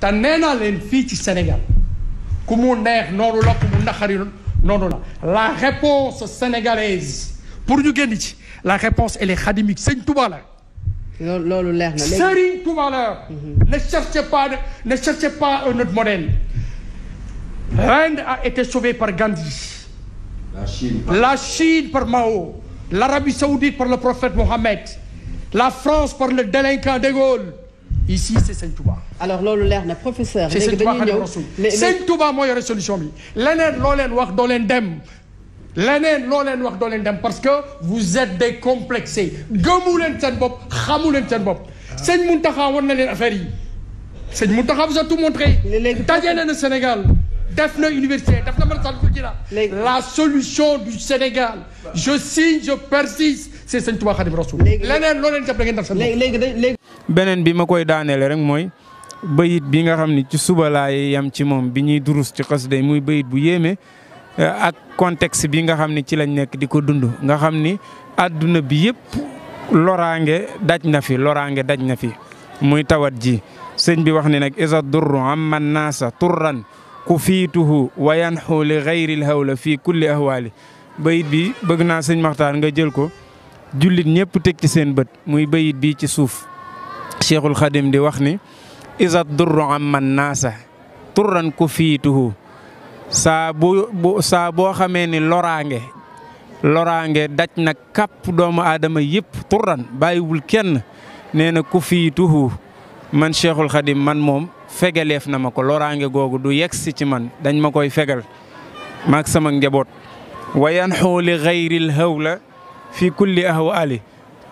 te nee naa leen fii ci Sénégal ku mu neex noonu la ku mu naxari la la réponse sénégalaise pour ñu génn ci la réponse elle est xadimique sëñ Touba la. loolu loolu leer na léegi Serigne mhm. ne cherchez pas un autre modèle. l'Inde a été sauvée par Gandhi. la Chine par la Chine par l'Arabie Saoudite par le prophète Mohammed. la France par le délinquant de Gaulle. ici c'est sëñ Touba. alors loolu leer na professeur. léegi dañuy ñëw sëñ Touba moo yore solution bi leneen loo leen wax dooleen leen dem. leneen loo leen wax doo dem parce que vous êtes des complexés gëmu leen seen bopp xamu leen seen bopp. sëñ Mountakha war na leen affaire yi sëñ Mountakha vous a tout montré. léegi daje na Sénégal. def na université def na man sànq ji la. la solution du Sénégal. je signe je persiste c' est sëñ Touba Khadim Rassoul. léegi leneen loo leen def da ngeen def seen bopp. beneen bi ma koy daaneel rek mooy. bayit bi nga xam ni ci suba laay yam ci moom bi ñuy durus ci xasida day muy bayit bu yéeme eh, ak contexte bi nga xam ni ci lañ nekk di ko dund nga xam ni àdduna bi yëpp loraange daj na fi loraange daj na fi muy tawat ji sëñ bi wax ni nag isa durru amman naasa turran ku fiituhu wa yanxu li xayril hawla fii kulli ahwaali bayit bi bëgg naa sëñ Maxtaar nga jël ko jullit ñëpp teg ci seen bët muy bayit bi ci suuf Cheikhul Xadim di wax ni isa durru man naasa turran ku fiituhu saa bu saa boo xamee ni loraange loraange daj na kàpp doomu aadama yëpp turran bàyyiwul kenn nee na ku fiituhu man cheikhul xadim man moom fegeleef na ma ko loraange googu du yegsi ci man dañ ma koy fegal maak sama njaboot wayan xooli xayril hawla fi kulli ahwaali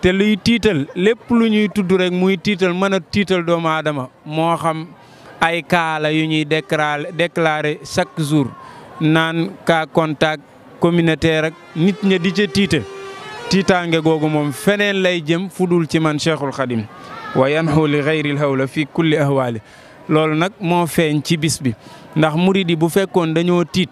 te luy tiital lépp lu ñuy tudd rek muy tiital mën a tiital doomu aadama moo xam ay kaala yu ñuy déclarer chaque jour naan cas contact communautaire ak nit ña di ca tiita tiitaange googu moom feneen lay jëm fu dul ci man Cheikhul Khadim wa yanxu li xayril hawla fi kulli ahwaali loolu nag moo feeñ ci bis bi ndax muridi bu fekkoon dañoo tiit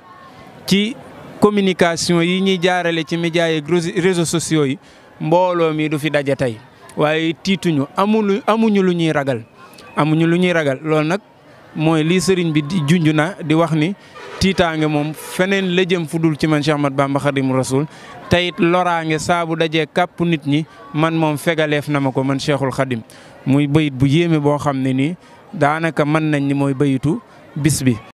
ci communication yi ñuy jaarale ci médias yi réseaux sociaux yi mbooloo mi du fi daje tey waaye tiituñu amuñu amuñu lu ñuy ragal amuñu lu ñuy ragal loolu nag mooy lii sëriñ bi di junj na di wax ni tiitaange moom feneen la fu dul ci man Cheikh Ahmad Bamba Xaadimu Rasuul tey loraange saabu daje kàpp nit ñi man moom fegaleef na ma ko man Cheikhul Xadim muy bayit bu yéeme boo xam ne nii daanaka mën nañ ni mooy bayitu bis bi.